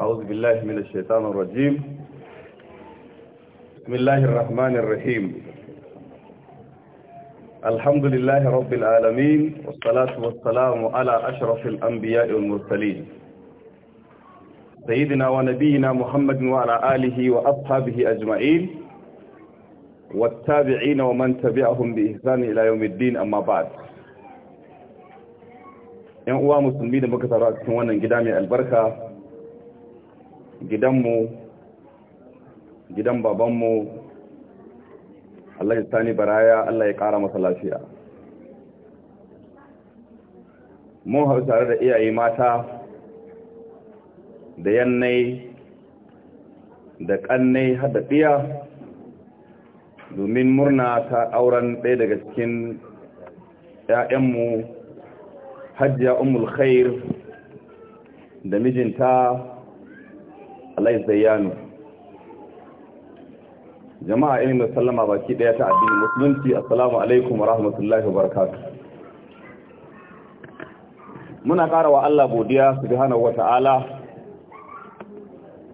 أعوذ بالله من الشيطان الرجيم بسم الله الرحمن الرحيم الحمد لله رب العالمين والصلاة والسلام على أشرف الأنبياء والمرسلين سيدنا ونبينا محمد وعلى آله وأصحابه أجمعين والتابعين ومن تبعهم بإحسان إلى يوم الدين أما بعد ‘Yan uwa مسلمين da muka taru البركة gidanmu gidan babanmu Allah ya tani baraya Allah ya ƙara masa lafiya mun hau tare da iyaye mata da yannai da ƙannai hada ɗaya, domin murna ta auren ɗaya daga cikin ‘ya'yanmu hajjiya umul khair da mijinta Allah zayyanu jama'a ilimin sallama baki daya ta addinin musulunci assalamu alaikum wa rahmatullahi wa barakatuh muna karawa wa Allah godiya su subhanahu wa ta'ala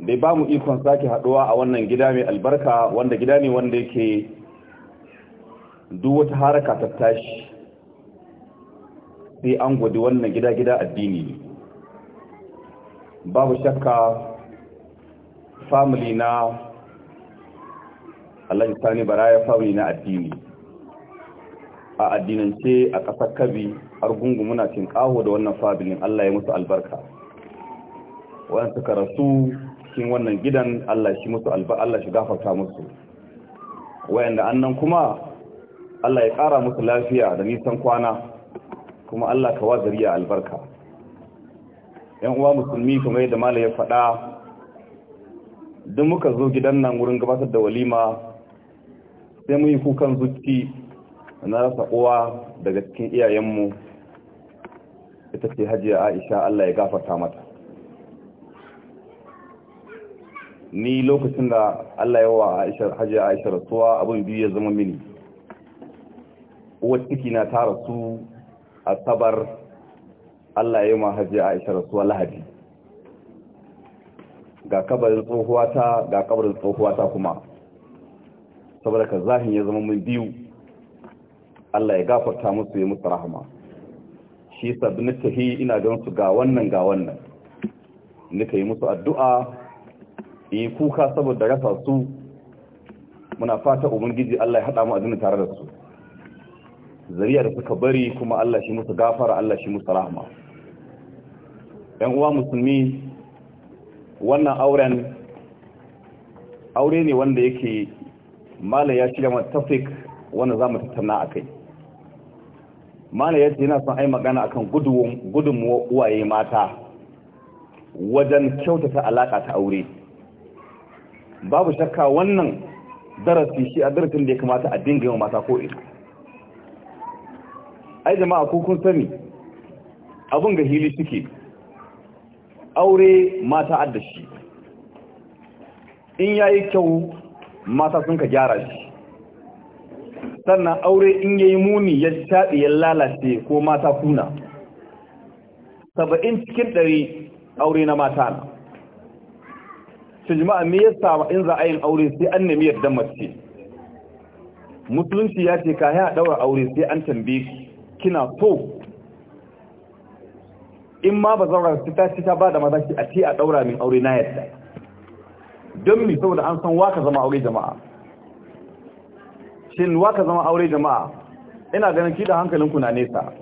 da ba mu ikon sake haduwa a wannan gida mai albarka wanda gida ne wanda yake duk wata haraka ta tashi sai an gwadi wannan gida-gida addini babu shakka family na Allah Sani Baraya family na addini a addinance a ƙasar Kabi argungu muna cin ƙaho da wannan family Allah ya musu albarka wanda suka rasu cikin wannan gidan Allah shi musu alba Allah shi gafarta musu wayanda annan kuma Allah ya ƙara musu lafiya da nisan kwana kuma Allah ka wazariya albarka yan uwa musulmi kuma yadda mala ya faɗa duk muka zo gidan nan wurin gabatar da walima sai mun yi kukan zuci na rasa uwa daga cikin iyayenmu ita ce hajiya aisha Allah ya gafarta mata ni lokacin da Allah ya wa hajiya aisha rasuwa abin biyu ya zama mini uwar ciki na ta rasu a sabar Allah ya yi ma hajiya aisha rasuwa lahadi ga kabarin tsohuwa ta ga kabarin tsohuwa ta kuma saboda ka zahin ya zama mun biyu Allah ya gafarta musu ya musu rahama shi sabbin tahi ina gan su ga wannan ga wannan nika yi musu addu'a yi kuka saboda rasa su muna fata ubangiji Allah ya hada mu azumi tare da su zariya da suka bari kuma Allah shi musu gafara Allah shi musu rahama ɗan uwa musulmi wannan auren aure ne wanda yake mala ya shirya wani tafik wanda za mu tattauna a kai mala ya ce yana son ai magana a kan gudunmuwa uwaye mata wajen kyautata alaka ta aure babu shakka wannan darasi shi a darasin da ya kamata a dinga yawan mata ko ina ai jama'a ko kun sani abin ga hili suke aure mata adda shi in yayi kyau mata sun ka gyara shi sannan aure in yayi muni ya taɗi ya lalace ko mata kuna saba'in cikin ɗari aure na mata na su jima'a me yasa in za a yin aure sai an nemi yadda mace musulunci ya ce ka ya ɗaura aure sai an tambaye kina so in ma ba zaura ta ci ta da maza ki a ce a daura min aure na yadda don mi saboda an san waka zama aure jama'a shin waka zama aure jama'a ina ganin ki da hankalin ku na nesa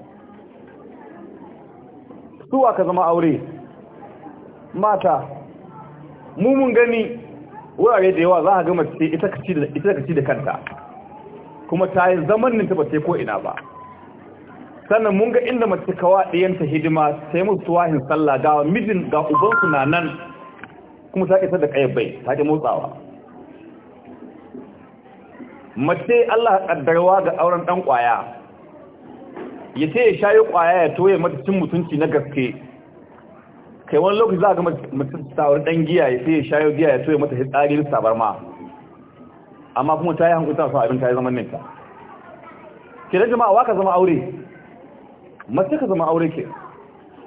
su waka zama aure mata mu mun gani wurare da yawa za a gama ce ita ka ci da kanta kuma ta yi zaman ninta ba ce ko ina ba sannan mun ga inda mace kawa ɗiyanta hidima sai musu wahin sallah ga mijin ga ubansu na nan kuma ta isa da kayan bai ta ke motsawa mace Allah kaddarwa ga auren ɗan ƙwaya ya ce ya shayi ƙwaya ya toye mata cin mutunci na gaske kai wani lokaci za ga mace tsawar ɗan giya ya sai ya shayo giya ya toye mata hitsari sabarma amma kuma ta yi hankuta su abin ta yi zaman ninta ke da jama'a waka zama aure mace ka zama aure ke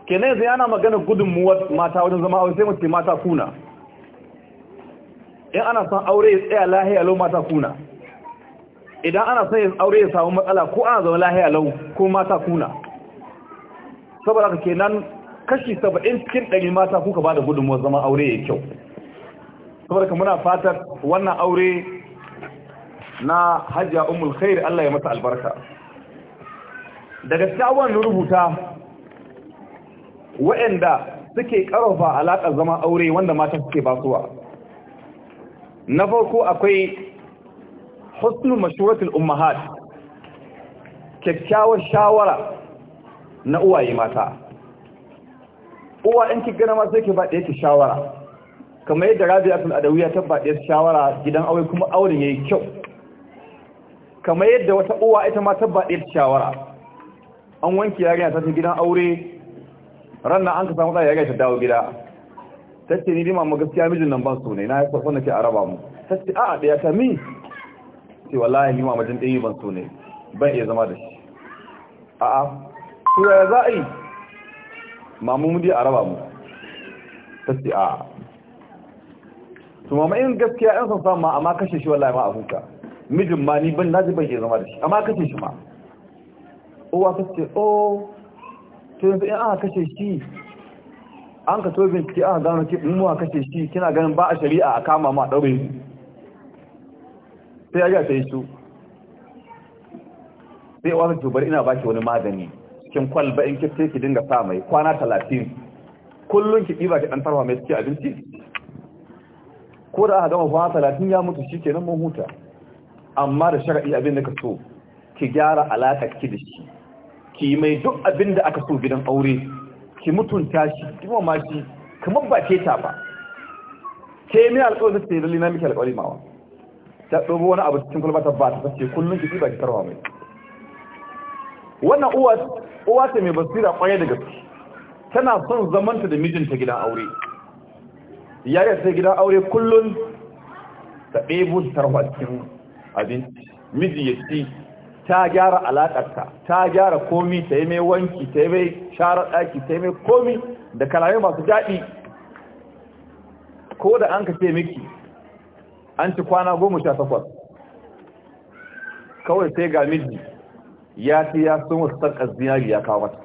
kenan yanzu yana magana muwa mata wajen zama aure sai mace mata kuna in ana son aure ya tsaya lahiya lau mata kuna idan ana son aure ya samu matsala ko ana zama lahiya lau ko mata kuna saboda ka kenan kashi saba'in cikin ɗari mata kuka ba da muwa zama aure ya kyau saboda ka muna fatar wannan aure na hajiya umul khair Allah ya mata albarka daga cikin rubuta waɗanda suke ƙarfafa alaƙar zama aure wanda mata suke basuwa na farko akwai husnul mashuratul ummahat kyakkyawar shawara na uwaye mata uwa in kika gana ma sai ki ba ɗaya shawara kamar yadda rabi'atul adawiya ta ba ɗaya shawara gidan aure kuma auren yayi kyau kamar yadda wata uwa ita ma ta ba ɗaya shawara an wanke yarinya ta gidan aure ran an ka samu tsaye yarinya ta dawo gida ta ce ni dai mamu gaskiya mijin nan ban so ne na yafa wanda ke raba mu ta ce a'a ɗaya ta mi ce wallahi ni mamu jin ɗaya ban so ne ban iya zama da shi a'a tura ya za a yi mamu mu a raba mu ta ce a'a su mamu in gaskiya yan san samu amma kashe shi wallahi ma a huta mijin ma ni ban naji ban iya zama da shi amma kashe shi ma uwa ta ce o oh, to yanzu in aka kashe shi an ka to bincike aka gano ki mu aka kashe shi kina ganin ba a shari'a a kama mu a daure su sai aja ta yi su sai uwa ta ce bari ina baki wani magani cikin kwalba in ki sai ki dinga sa mai kwana 30 kullun ki diba ki dan tarwa mai suke abinci ko da aka gama kwana 30 ya mutu shi shikenan mun huta amma da shar'i abin da ka so ki gyara alaƙa ki da shi ki mai duk abin da aka so gidan aure ki mutunta shi ki ma shi kamar ba ke ta ba ke mai alƙawarin sai lalle na miki alƙawari mawa ta dogo wani abu cikin kulbata ba ta sace kullun ki ba ki tarwa mai wannan uwa uwa ta mai basira kwaye da gaske tana son zamanta da mijinta gidan aure yaya sai gidan aure kullun ta ɗebo tarwa cikin abinci miji ya ci ta gyara alakarta ta gyara komi ta yi mai wanki ta yi mai sharar ɗaki ta yi mai komi da kalamai masu daɗi ko da an ka ce miki an ci kwana goma sha takwas kawai sai ga miji ya ce ya sun wasu sarƙar zinari ya kawo mata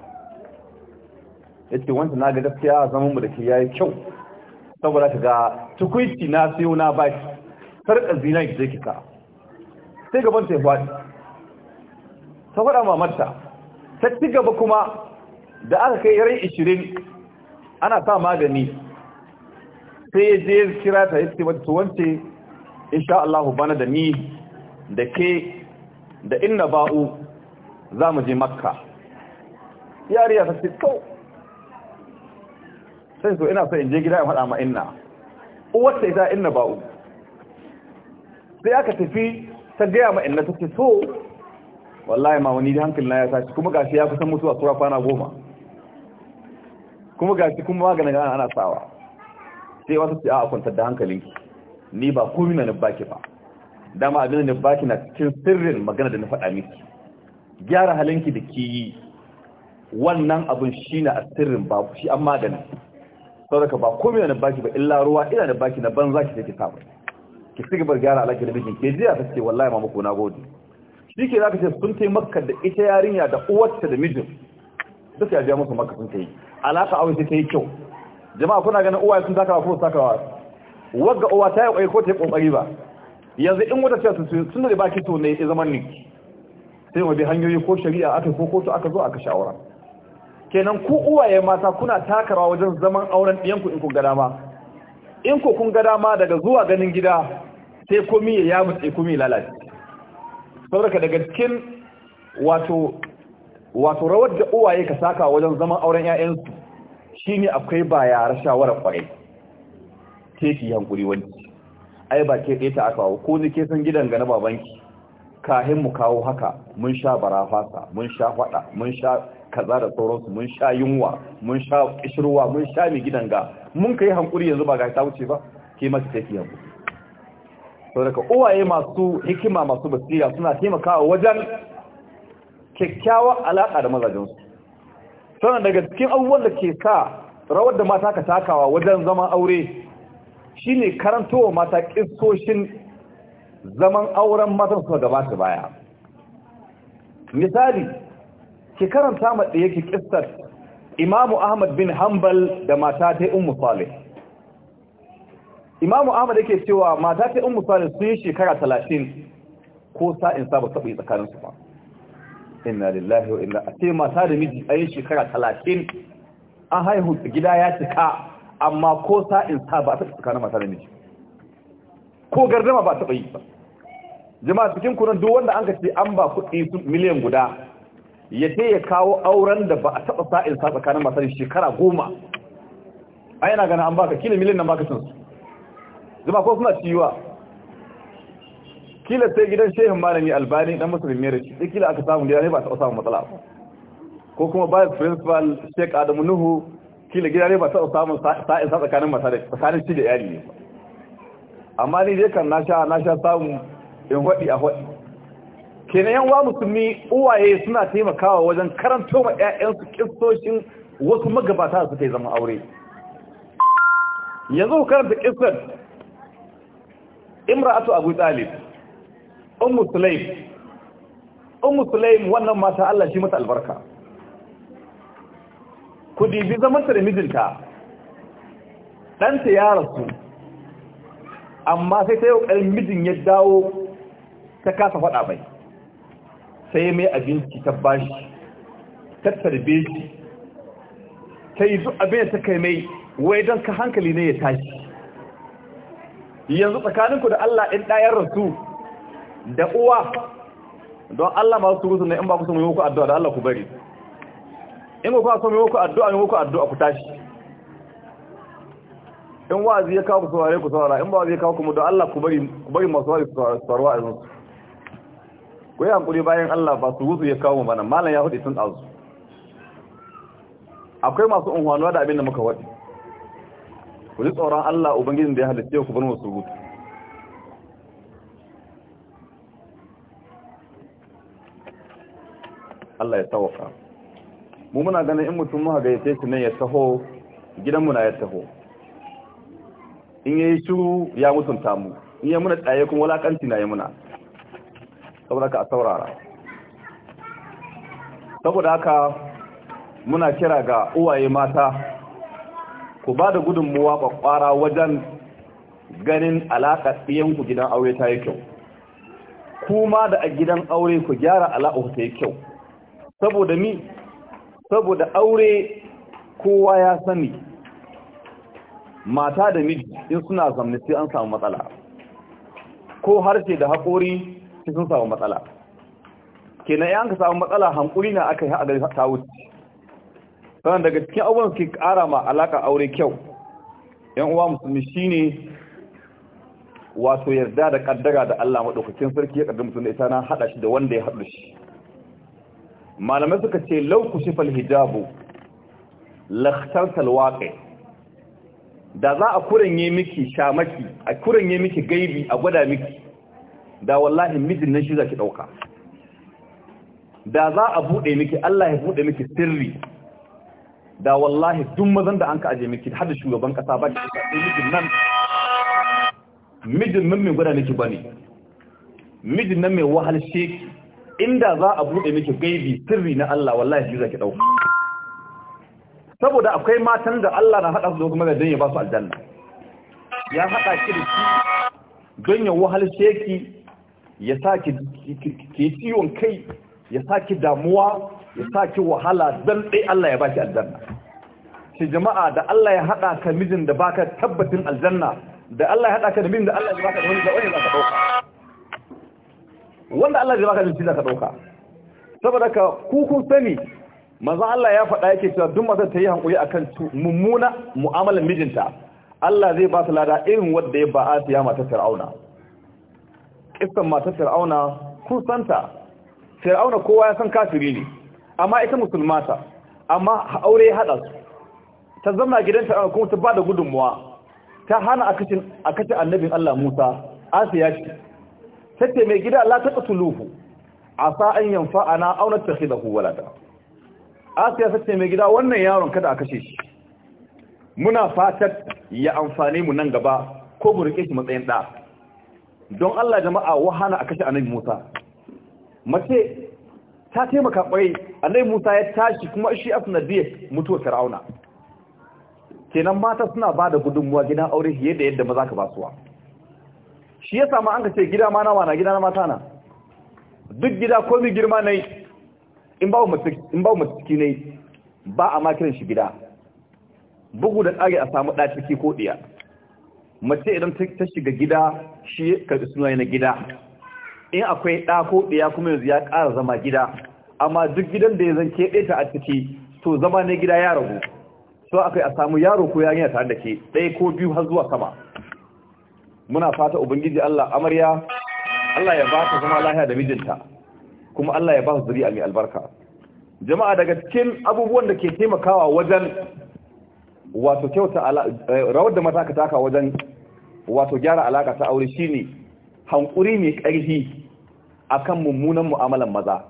ya ce na ga gaskiya zaman mu da ke yayi kyau saboda ka ga tukuici na siyo na baki sarƙar zinari zai kika sai gaban ta faɗi ta faɗa mamarta ta ci gaba kuma da aka kai ran ishirin ana sa magani sai ya je kira ta yake mata to wance insha Allah bana da ni da ke da inna ba'u za mu je makka yariya ta ce kau sai so ina so in je gida in faɗa ma inna uwarta ita inna ba'u sai aka tafi ta gaya ma inna ta ce so wallahi ma wani hankali na ya sace kuma gashi ya kusan mutuwa tura kwana goma kuma gashi kuma maganin ana ana sawa sai wasu ce a kwantar da hankalinki ni ba komai na nufbaki ba dama abin da nufbaki na cikin sirrin magana da na faɗa miki gyara halinki da ke yi wannan abin shi na a sirrin ba shi an magani. sau ka ba komai na nufbaki ba illa ruwa ina nufbaki na banza ki take samu ki sigibar gyara alaƙi da bikin ke jiya ta ce wallahi mamako na gode shi ke za ka ce sun kai makka da ita yarinya da uwarta da mijin duk ya je musu makka sun ta yi alaka aure sai ta kyau jama'a kuna ganin uwaye sun takawa ko takawa wagga uwa ta yi kokari ta yi kokari ba yanzu in wata ce sun sun da baki to ne zaman ni sai mu bi hanyoyi ko shari'a aka ko kotu aka zo aka shawara kenan ku uwaye mata kuna takarawa wajen zaman auren ɗiyanku in kun ga dama in ku kun ga dama daga zuwa ganin gida sai komi ya yamutse komi lalace saboda daga cikin wato rawar da uwaye ka saka wajen zaman auren 'ya'yansu shi ne akwai ba yara shawarar kwarai teki hankuri wani. ai ba ke ɗaya ta aka kawo ko ni ke san gidan ga na babanki kahin mu kawo haka mun sha barafasa mun sha fada mun sha kaza da sauransu mun sha yunwa mun sha kishirwa mun sha mai gidan ga mun kai hankuri yanzu ba ga ta wuce ba ke masu teki hankuri sau uwaye masu hikima masu basira suna taimakawa wajen kyakkyawar alaƙa da mazajensu sannan daga cikin abubuwan da ke sa rawar da mata ka takawa wajen zaman aure shine karantowa mata ƙistoshin zaman auren matan da gabata baya misali ki karanta maɗa yake ƙistar imamu ahmad bin hanbal da mata ta yi umu salih imamu ahmad yake cewa mata ta ummu salim sun yi shekara 30 ko sa'in sa ba taɓa yi tsakanin su ba inna lillahi wa inna sai mata da miji a yi shekara 30 an haihu gida ya cika amma ko sa'in sa ba taɓa tsakanin mata da miji ko gardama ba taɓa yi ba jama'a cikin kunan duk wanda an ka ce an ba kuɗi miliyan guda ya ce ya kawo auren da ba a taɓa sa'in sa tsakanin mata da shekara goma a yana gana an baka kila miliyan nan baka sun su zama ko suna ciwa kila sai gidan shehin malami albani dan musulmi ne shi kila aka samu gida ne ba ta samu matsala ba ko kuma ba principal sheik adamu nuhu kila gida ne ba ta samu sa'in sa tsakanin masa da tsakanin shi da yari ne amma ni dai kan na sha na sha samu in hwadi a hwadi kenan yan wa musulmi uwaye suna taimakawa wajen karanto ma su kissoshin wasu magabata suka yi zama aure yanzu karanta kissar imra'atu abu talib ummu sulaim ummu sulaim wannan mata Allah shi mata albarka ku dibi zaman ta da mijinta ɗanta ya rasu amma sai ta yau mijin ya dawo ta kasa faɗa mai sai mai abinci ta bashi ta tarbe shi ta yi abin da ta kai mai wai don ka hankali ne ya tashi yanzu tsakaninku da Allah ɗin ɗayar rasu da uwa don Allah masu surutu ne in ba ku so mai muku addu'a da Allah ku bari in ba ku so mai muku addu'a mai muku addu'a ku tashi in wa'azi ya kawo ku saurare ku saurara in ba wa'azi ya kawo kuma mu don Allah ku bari ku masu wa'azi su saurari wa'azin su ku yi hankuri bayan Allah ba su wuzu ya kawo mu bana malam ya hudu sun ɗazu akwai masu unhuwanuwa da abin da muka waɗi ku ji tsoron Allah ubangijin da ya halitta ku bar musu rubutu Allah ya tawaka mu muna ganin in mutum muka ga yace ne ya taho gidan mu na ya taho in yayi shiru ya mutunta mu in ya muna tsaye kun walakanci na ya muna saboda ka saurara saboda haka muna kira ga uwaye mata ku ba da gudunmuwa kwakwara wajen ganin alaƙa ɗiyanku gidan aure ta yi kyau kuma da a gidan aure ku gyara alaƙa ta yi kyau saboda mi saboda aure kowa ya sani mata da miji in suna zamne sai an samu matsala ko harshe da haƙori sai sun samu matsala kenan yan ka samu matsala hankuri na aka yi a gari ta wuce sannan daga cikin abubuwan suke kara ma alaka aure kyau yan uwa musulmi shine wato yarda da kaddara da Allah madaukakin sarki ya kaddara musulmi ita na hada shi da wanda ya hadu shi malamai suka ce law fal hijabu lakhtarta alwaqi da za a kuranye miki shamaki a kuranye miki gaibi a gwada miki da wallahi mijin nan shi zaki ɗauka. da za a bude miki Allah ya buɗe miki sirri da wallahi duk mazan da an ka aje miki hada shugaban kasa ba da shi mijin nan mijin nan mai gwada miki bane mijin nan mai wahal inda za a bude miki gaibi sirri na Allah wallahi shi zaki dauka saboda akwai matan da Allah na hada su kuma da ya ba su aljanna ya hada ki da shi don ya wahal sheki ya sa ki ki ciwon kai ya saki damuwa ya saki wahala dan dai Allah ya baki aljanna shi jama'a da Allah ya hada ka mijin da baka tabbatin aljanna da Allah ya hada ka da mijin da Allah ya baka da wani wani zaka dauka wanda Allah ya baka da shi zaka dauka saboda ka ku kun sani manzo Allah ya faɗa yake cewa duk matar ta yi hankuri akan mummuna mu'amalar mijinta Allah zai ba su lada irin wanda ya ba Asiya matar Fir'auna kissan matar Fir'auna kun santa fir'auna kowa ya san kafiri ne amma ita musulma ta, amma aure ya hada su ta zama gidan fir'auna kuma ta ba da gudunmuwa ta hana a kashe annabin Allah Musa Asiya ce tace mai gida Allah ta qatuluhu asa an yanfa'ana aw nattakhidahu walada Asiya tace mai gida wannan yaron kada a kashe shi muna fatar ya amfane mu nan gaba ko mu rike shi matsayin da don Allah jama'a wahana a kashe annabi Musa mace ta taimaka a annai musa ya tashi kuma shi sanadiyar mutuwar fir'auna kenan mata suna ba da gudunmuwa gidan aure fiye da yadda maza ka basuwa shi ya samu an ka ce gida ma nawa na gida na mata na duk gida komi girma na yi in ba mu ciki ne ba a makirin shi gida bugu da tsari a samu ɗaciki ko ɗiya mace idan ta shiga gida shi karɓi suna na gida in akwai ɗa ko ɗaya kuma yanzu ya ƙara zama gida amma duk gidan da ya zan keɓe ta a ciki to zama na gida ya ragu so akai a samu yaro ko ya tare da ke ɗaya ko biyu har zuwa sama muna fata ubangiji Allah amarya Allah ya ba ta zama lahiya da mijinta kuma Allah ya ba su zuri'a mai albarka jama'a daga cikin abubuwan da ke taimakawa wajen wato kyauta eh, rawar da mata ka wajen wato gyara alaka ta aure shine hankuri mai ƙarfi akan mummunan mu'amalan maza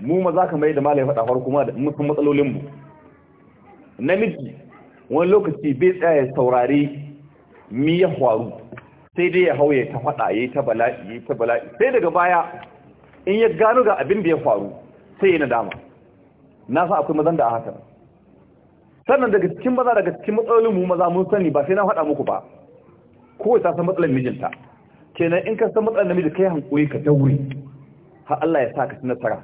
mu maza kamar da malai faɗa farko kuma da mutum matsalolinmu. namiji wani lokaci bai tsaye saurari mi ya faru sai dai ya hau ya ta faɗa ya ta bala'i yayi ta bala'i sai daga baya in ya gano ga abin da ya faru sai ya nadama na sa akwai mazan da a haka sannan daga cikin maza daga cikin matsalolin mu maza mun sani ba sai na faɗa muku ba Kowai ta san matsalar mijinta kenan in ka san matsalar namiji kai hankuri ka daure har Allah ya sa ka ci nasara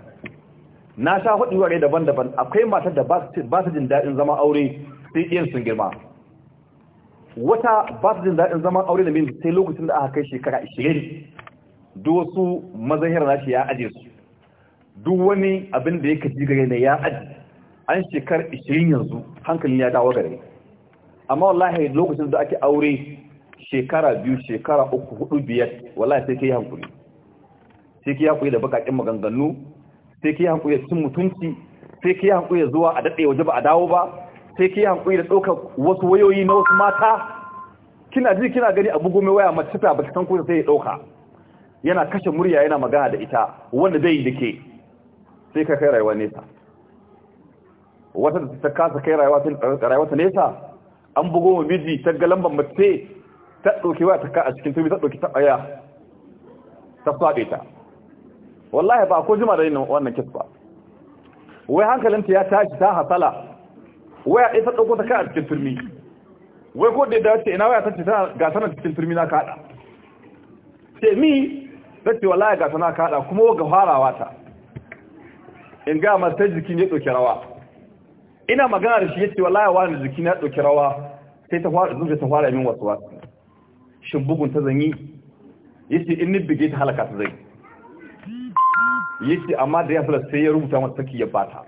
na sha hudu ware daban-daban akwai matar da ba su jin daɗin zama aure sai iyan sun girma wata ba su jin daɗin zama aure da sai lokacin da aka kai shekara 20 duk wasu mazahira na shi ya aje su duk wani abin da ya kaji gare ne ya aje an shekar 20 yanzu hankalin ya dawo gare amma wallahi lokacin da ake aure shekara biyu shekara uku hudu biyar wallahi sai kai hankuri sai kai hankuri da bakakin maganganu sai kai hankuri cin mutunci sai kai hankuri zuwa a daɗe waje ba a dawo ba sai kai hankuri da wasu wayoyi na wasu mata kina ji kina gani abu mai waya mace ta baki san ko sai ya ɗauka. yana kashe murya yana magana da ita wanda zai yi dake sai ka kai rayuwa nesa wata da ta kasa kai rayuwa ta nesa an bugo miji ta galan mace ta ɗauki waya ta ka a cikin turmi ta ɗauki taɓaya ta saɓe ta wallahi ba ko jima da yin wannan kis ba wai hankalinta ya tashi ta hasala waya ɗaya ta ɗauko ta ka a cikin turmi wai ko da ya dace ina waya ta ce tana gasa na cikin turmi na kaɗa ce mi ta ce wallahi gasa na kaɗa kuma ga farawa ta in ga masu ta jikin ya ɗauki rawa ina magana da shi ya ce wallahi wani jikin ya ɗauki rawa sai ta fara zuwa ta fara yin wasu wasu shin bugun ta zanyi yace in ni bige ta halaka ta zai yace amma da ya fara sai ya rubuta masa saki ya bata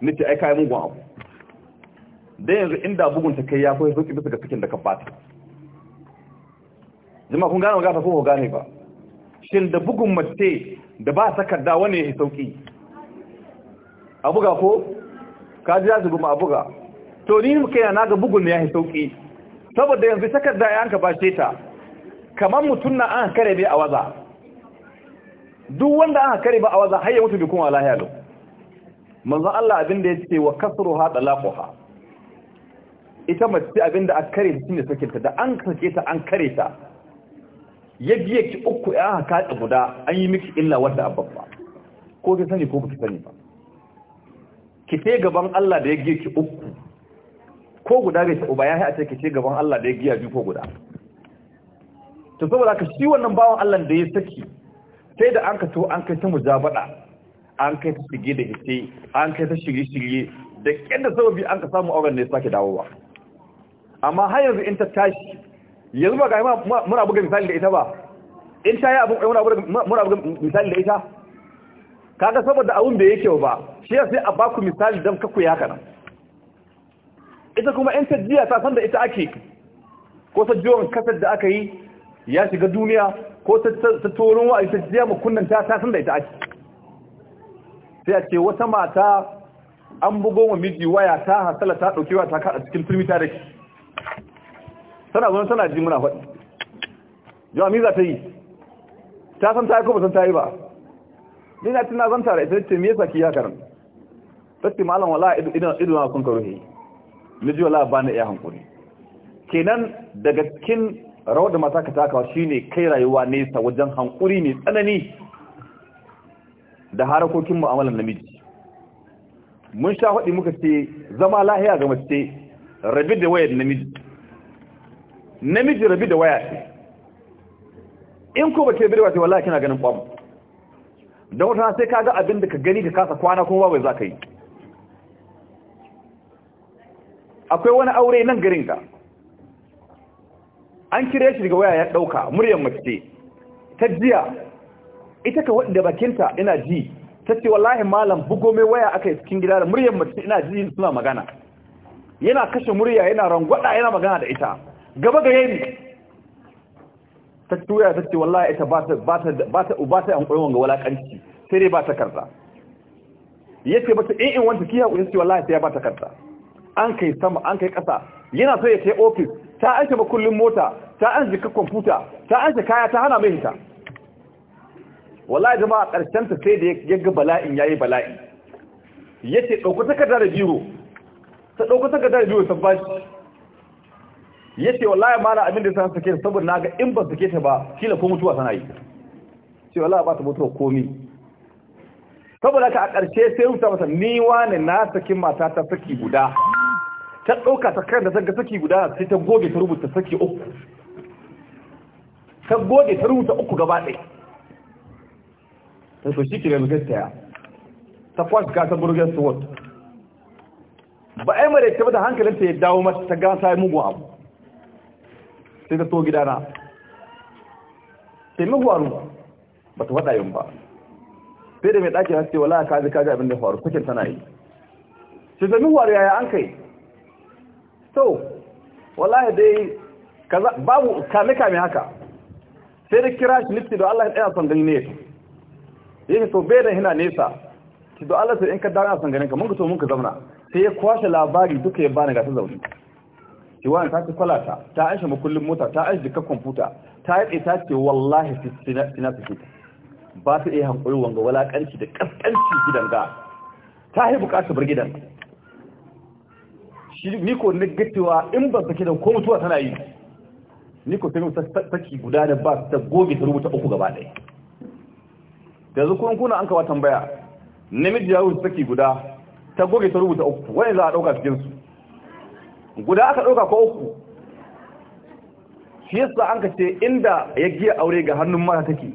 nace ai kai mugun abu dan yanzu inda bugun ta kai ya koyi soki bisa ga sakin da ka bata jama'a kun gane magana ko gane ba shin da bugun mace da ba takarda wani ya sauki a buga ko ka ji ya zubuma a buga to ni kai na ga bugun ya yi sauki saboda yanzu takarda ya anka bashe ta kamar mutum na an kare bai a waza duk wanda an kare ba a waza har ya mutu bi kuma lahiya lo manzon Allah abin da yace wa kasruha talaquha ita mace abin da aka kare shi ne sake ta da an sake ta an kare ta ya biye ki uku ya haka ta guda an yi miki illa wanda abba ko ki sani ko ki sani ba ki ce gaban Allah da ya giye ki uku ko guda bai ta uba ya ce ki ce gaban Allah da ya giya biyu ko guda to saboda ka shi wannan bawan Allah da ya saki sai da an ka to an kai ta mujabada an kai ta shige da hice an kai ta shirye-shirye da da sababi an ka samu auren da ya sake dawowa amma har yanzu in ta tashi yanzu ba ga muna buga misali da ita ba in ta yi abin muna buga misali da ita kaga saboda abun da yake ba shi ya sai a baku misali don kaku ya kana ita kuma in ta jiya ta san da ita ake ko ta jiwon kasar da aka yi ya shiga duniya ko ta toron wa'ayi ta jiya makunnan ta ta san da ita ake sai a ce wata mata an bugo wa miji waya ta hasala ta daukewa ta kada cikin turmi ta dake tana zo tana ji muna faɗi jama'a mi za ta yi ta san ta yi ko ba san ta yi ba ni na tana zan da ita ce me yasa ki haka ran tace malam wala idan idan kun karuhi miji wala ba na iya hankuri kenan daga cikin rawar da mata ka takawa shine kai rayuwa nesa wajen hankuri mai tsanani da harakokin mu'amalar namiji mun sha haɗi muka ce zama lahiya ga mace rabi da wayar namiji namiji rabi da waya ce in ko bace birwa ce wallahi kina ganin kwam don wata sai kaga abin da ka gani ka kasa kwana kuma ba za ka yi akwai wani aure nan garin ka an kire shi daga waya ya ɗauka muryar mace ta jiya ita ka wadda bakinta ina ji ta ce wallahi malam bugo mai waya aka yi cikin gida da muryar mace ina ji suna magana yana kashe murya yana rangwada yana magana da ita gaba ga yayi ta ce waya ta ce wallahi ita ba ta ba ta ba ta ba ta ga walakanci sai dai ba ta karta ce ba ta in eh, in wanta kiya ku ce wallahi sai ya ba ta karta an kai sama an kai kasa yana so ya ce ofis. ta aisha makullin mota ta an jika kwamfuta ta aisha kaya ta hana mai hita wallahi jama'a karshen ta sai da ya ga bala'in ya yi bala'i ce dauko takarda da biro ta dauko takarda da biro ta bashi yace wallahi mala abin da san sake saboda naga in ba ke ta ba kila ko mutuwa sana yi sai wallahi ba ta mutuwa komi saboda ka a karshe sai rufta masa ni wane na sakin mata ta saki guda ta ɗauka ta karanta da ga saki guda sai ta goge ta rubuta saki uku ta goge ta rubuta uku gaba ɗaya ta so kiran kira gaskiya ta ga ta burgen sword ba a yi mara ta bata hankalinta ya dawo mata ta gasa ya mugu abu sai ta to gidana sai mugu faru ba ta faɗa yin ba sai da mai ɗaki haske wala kaji kaji abin da faru kwakin tana yi sai ta mu faru yaya an kai to wallahi dai kaza babu kame kame haka sai da kira shi nifti da Allah ya son gani ne yake so bai da hina nesa ki da Allah sai in ka dawo san ganin ka mun ka so mun ka zauna sai ya kwashe labari duka ya bani ga ta zauni ki wani ta ci kwalata ta aisha makullin mota ta aisha dukkan kwamfuta ta yi ta ce wallahi sina su fita ba su iya hankali wanga walakanci da kaskanci gidan ga ta yi bukatar gidan shi ni ko na gatiwa in ba sake da ko mutuwa tana yi ni ko sai mu saki guda da ba ta goge ta rubuta uku gaba ɗaya yanzu kun kuna an kawo tambaya namiji ya rubuta saki guda ta goge ta rubuta uku wani za a ɗauka cikin su guda aka ɗauka ko uku shi yasa an ka ce inda ya giya aure ga hannun mata take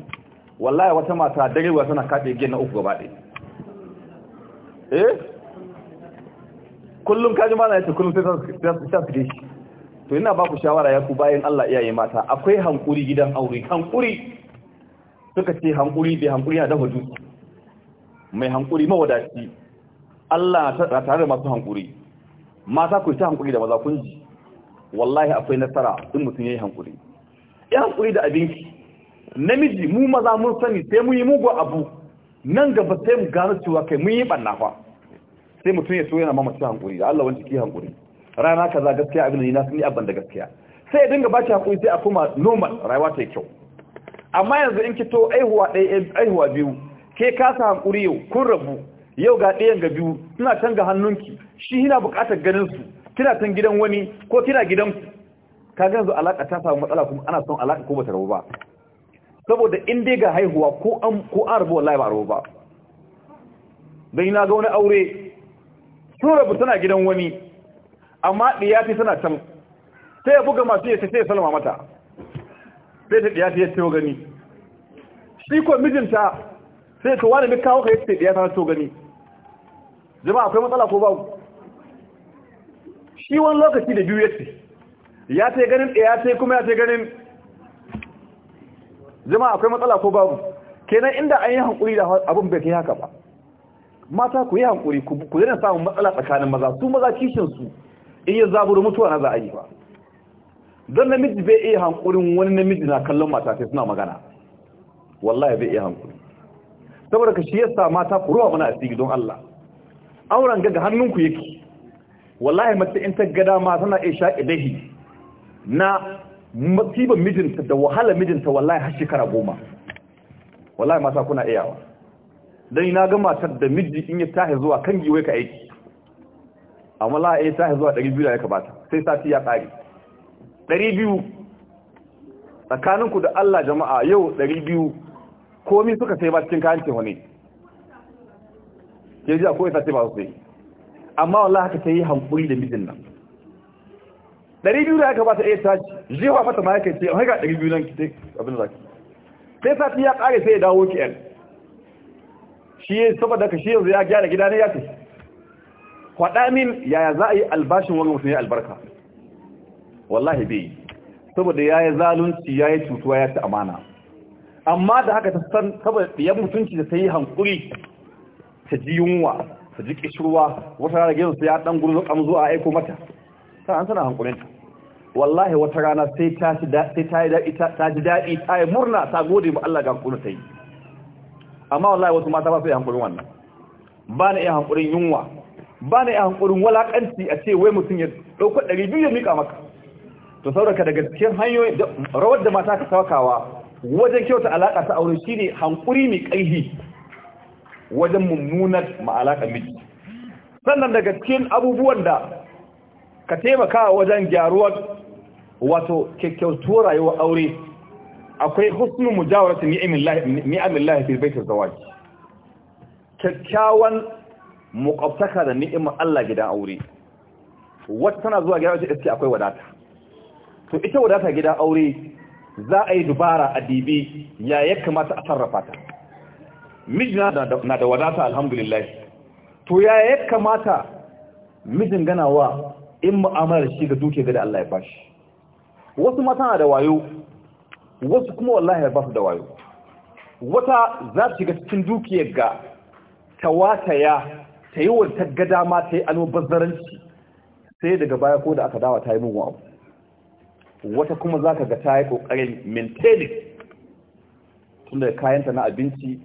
wallahi wata mata darewa tana kaɗe giya na uku gaba ɗaya eh kullum kaji mana yace kullum sai ta fide shi to ina ba ku shawara ya ku bayan Allah iyaye mata akwai hankuri gidan aure hankuri suka ce hankuri bai hankuri na dafa dutse mai hankuri mawadaci Allah na tare da masu hankuri mata ku ta hankuri da maza kun ji wallahi akwai nasara in mutum yayi hankuri ya hankuri da abinki namiji mu maza mun sani sai mu yi mugu abu nan gaba sai mu gano cewa kai mun yi banna fa sai mutum ya so yana ma mace hankuri da Allah wanda ke hankuri rana kaza gaskiya abin ni na sun yi abban da gaskiya sai ya dinga ba shi hankuri sai a kuma normal rayuwa ta kyau amma yanzu in kito aihuwa ɗaya eh, aihuwa biyu ke kasa hankuri yau kun rabu yau ga ɗayan ga biyu suna can ga hannunki shi yana buƙatar ganin su kina can gidan wani ko kina gidan ku ka ga yanzu alaka ta samu matsala kuma ana son alaka ko bata rabu ba saboda in dai ga haihuwa ko an ko an rabu wallahi ba rabu ba dan ina ga wani aure tura bu tana gidan wani amma ɗiyafi tana can sai ya buga masu yace sai ya salama mata sai ta ɗiyafi ya ciwo gani shi ko mijinta sai ta wani mika waka ya ce ta na ciwo gani jama'a akwai matsala ko babu shi wani lokaci da biyu ya ya ce ganin ɗaya ce kuma ya ce ganin jama'a akwai matsala ko babu kenan inda an yi hankuri da abin bai kai haka ba mata ku yi hankuri ku daina samun matsala tsakanin maza su maza kishin su in ya mutuwa na za a yi ba don namiji bai iya hankurin wani namiji na kallon mata sai suna magana wallahi bai iya hankuri saboda ka shi sa mata ku ruwa mana asiri don Allah auren gaga hannunku yake wallahi mace in ta gada ma tana iya sha idahi na matsibin mijinta da wahala mijinta wallahi har shekara goma wallahi mata kuna iyawa dai na ga matar da miji in ya tahi zuwa kan giwai ka aiki amma la ya tahi zuwa 200 da ya kamata sai sati ya ƙari 200 tsakaninku da Allah jama'a yau 200 komai suka sai ba cikin kayan cewa ne ke ji akwai sati ba su sai amma wallahi haka sai yi hankuri da mijin nan 200 da ya kamata ya tashi jiwa fata ma ya kai ce haika 200 nan abin da zaki sai sati ya ƙare sai ya dawo ki yan shi saboda ka shi yanzu ya gyara gida ne ya ce faɗa min yaya za a yi albashin wani mutum ya albarka wallahi bai saboda ya yi zalunci ya yi cutuwa ya ci amana amma da haka ta san saboda ɗiyar mutunci da ta yi hankuri ta ji yunwa ta ji ƙishirwa wata rana gina su ya ɗan gurzo ƙamzo a aiko mata ta an sana hankulin wallahi wata rana sai ta ji daɗi ta yi murna ta gode ba Allah ga hankulin ta yi amma wallahi wasu mata ba su yi hankulin wannan ba na iya hankulin yunwa ba na iya hankulin walakanci a ce wai mutum ya ɗaukar ɗari biyu ya miƙa maka to sauraka daga cikin hanyoyi rawar da mata ka saukawa wajen kyauta alaƙa ta aure shine hankuri mai ƙarfi wajen mummunar ma'alaƙa miji sannan daga cikin abubuwan da ka taimaka wajen gyaruwar wato kyakkyautuwar rayuwar aure akwai husnul mujawarati ni'amillahi fil baiti zawaj kyakkyawan muqaffaka da ni'imar Allah gidan aure wata tana zuwa gida wace ce akwai wadata to ita wadata gidan aure za a yi dubara a dibi ya ya kamata a sarrafa ta mijina na da wadata alhamdulillah to ya ya kamata mijin ganawa in mu'amalar shi ga duke ga da Allah ya bashi wasu mata na da wayo wasu kuma wallahi ba su da wayo wata za su shiga cikin dukiyar ga ta wataya ta yi wata gada ma ta yi almubazzaranci sai daga baya ko da aka dawa ta yi mugun abu wata kuma za ka ga ta yi ƙoƙarin maintaining tun da kayanta na abinci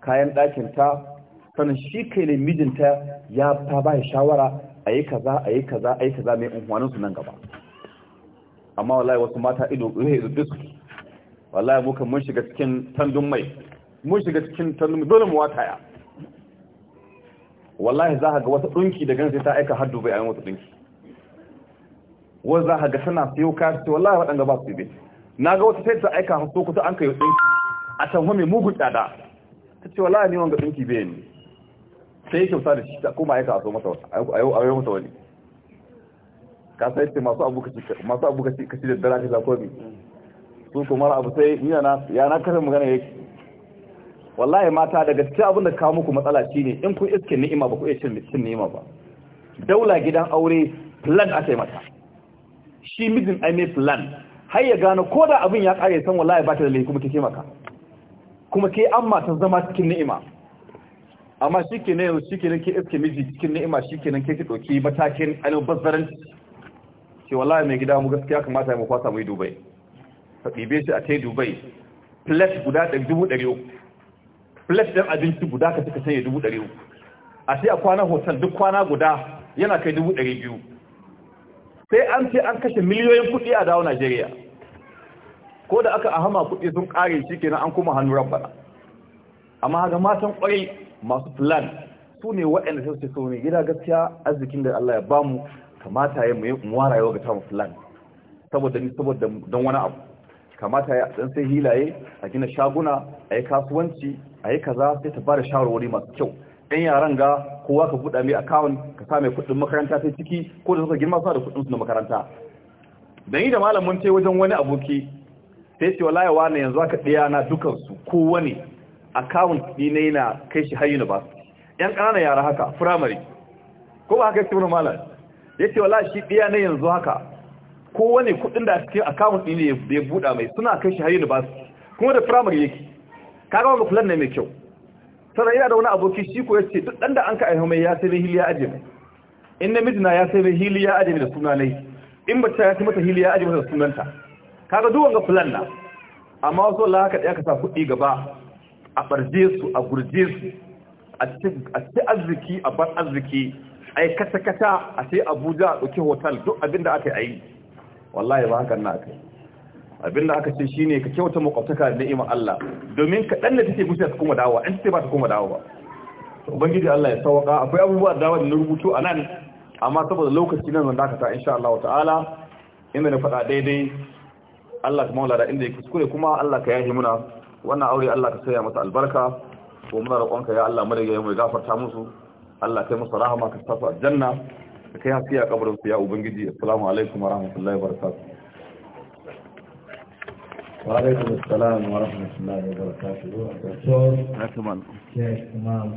kayan ɗakinta sannan shi kai ne mijinta ya ta ba shawara a yi kaza a yi kaza a yi kaza mai unhwaninsu nan gaba amma wallahi wasu mata ido ɗaya ido suke wallahi muka mun shiga cikin tandun mai mun shiga cikin tandun mai dole mu wataya wallahi za ka ga wata dunki da gansa ta aika har dubai a wata dunki wa za ka ga tana siyo kasu wallahi waɗanda ba su bi na ga wata sai ta aika har kusa an kai dunki a can mai mugun tsada ta ce wallahi ne wanga dunki bai ne sai ya kyauta da shi ta kuma aika a so masa a yau masa wani ka sai ce masu abu kaci da dara ka bi su kuma abu sai nina na ya na karin magana yake wallahi mata daga cikin abin da kawo muku matsala ne in kun iske ni'ima ba ku iya cin ni'ima ba daula gidan aure plan aka yi mata shi mijin ai mai plan har ya gano ko da abin ya kare san wallahi ba ta da laifi kuma ke maka kuma ke an mata zama cikin ni'ima amma ne shi ke iske miji cikin ni'ima shi ke ki doki matakin albazaranci ce wallahi mai gida mu gaskiya kamata mu kwasa mu yi dubai ka ɗibe shi a kai dubai plus guda dubu ɗari uku plate ɗin abinci guda ka cika sanya dubu ɗari uku a sai a kwana hotel duk kwana guda yana kai dubu ɗari biyu sai an ce an kashe miliyoyin kuɗi a dawo najeriya ko da aka ahama kuɗi sun ƙare shi kenan an kuma hannu rabbana amma haga matan ƙwarai masu plan su ne waɗanda sai su so gida gaskiya arzikin da Allah ya bamu kamata ya mu yi wara yau ga tamu plan saboda ni saboda don wani abu kamata ya san sai hilaye a gina shaguna a yi kasuwanci a yi kaza sai ta bada shawarwari masu kyau ɗan yaran ga kowa ka buɗa mai akawun ka sa mai kuɗin makaranta sai ciki ko da suka girma suna da kuɗin su na makaranta dan yi da malamin ce wajen wani aboki sai ce wallahi wani yanzu aka ɗaya na dukan su wani akawun ɗi na kai shi har university yan ƙananan yara haka firamare ko ba haka ya ce wani malam ya ce wallahi shi ɗaya na yanzu haka kowane kudin da cikin akawun din ne da ya buɗa mai suna kai shi har university kuma da primary yake kaga wani kulan ne mai kyau sannan ina da wani aboki shi ko ya ce, duk dan da an ka aiho mai ya sai mai hiliya aje mai in namiji na ya sai mai hiliya aje da suna nai in bata ya sai mata hiliya aje mai sunanta kaga duwan ga kulan na amma wasu Allah haka da ka sa kuɗi gaba a barje su a gurje su a ci arziki a bar arziki a yi kata-kata a sai abuja a ɗauki hotel duk abin da aka yi wallahi ba hakan na akai abinda aka ce shi ne ka kyauta makwabtaka da ni'imar Allah domin ka dan da take gushi ta kuma dawo an ce ba ta kuma dawo to ubangiji Allah ya sauka akwai abubuwa da dawa da rubutu nan. amma saboda lokaci nan zan dakata insha Allah ta'ala inda na faɗa daidai Allah kuma wala da inda ya kuskure kuma Allah ka yahi muna wannan aure Allah ka saya masa albarka ko muna roƙonka ya Allah mu da ya mu gafarta musu Allah kai musu rahama ka sa su da kai haske a kabarin su ya ubangiji assalamu alaikum wa rahmatullahi wa barakatuh wa alaikum assalam wa rahmatullahi wa barakatuh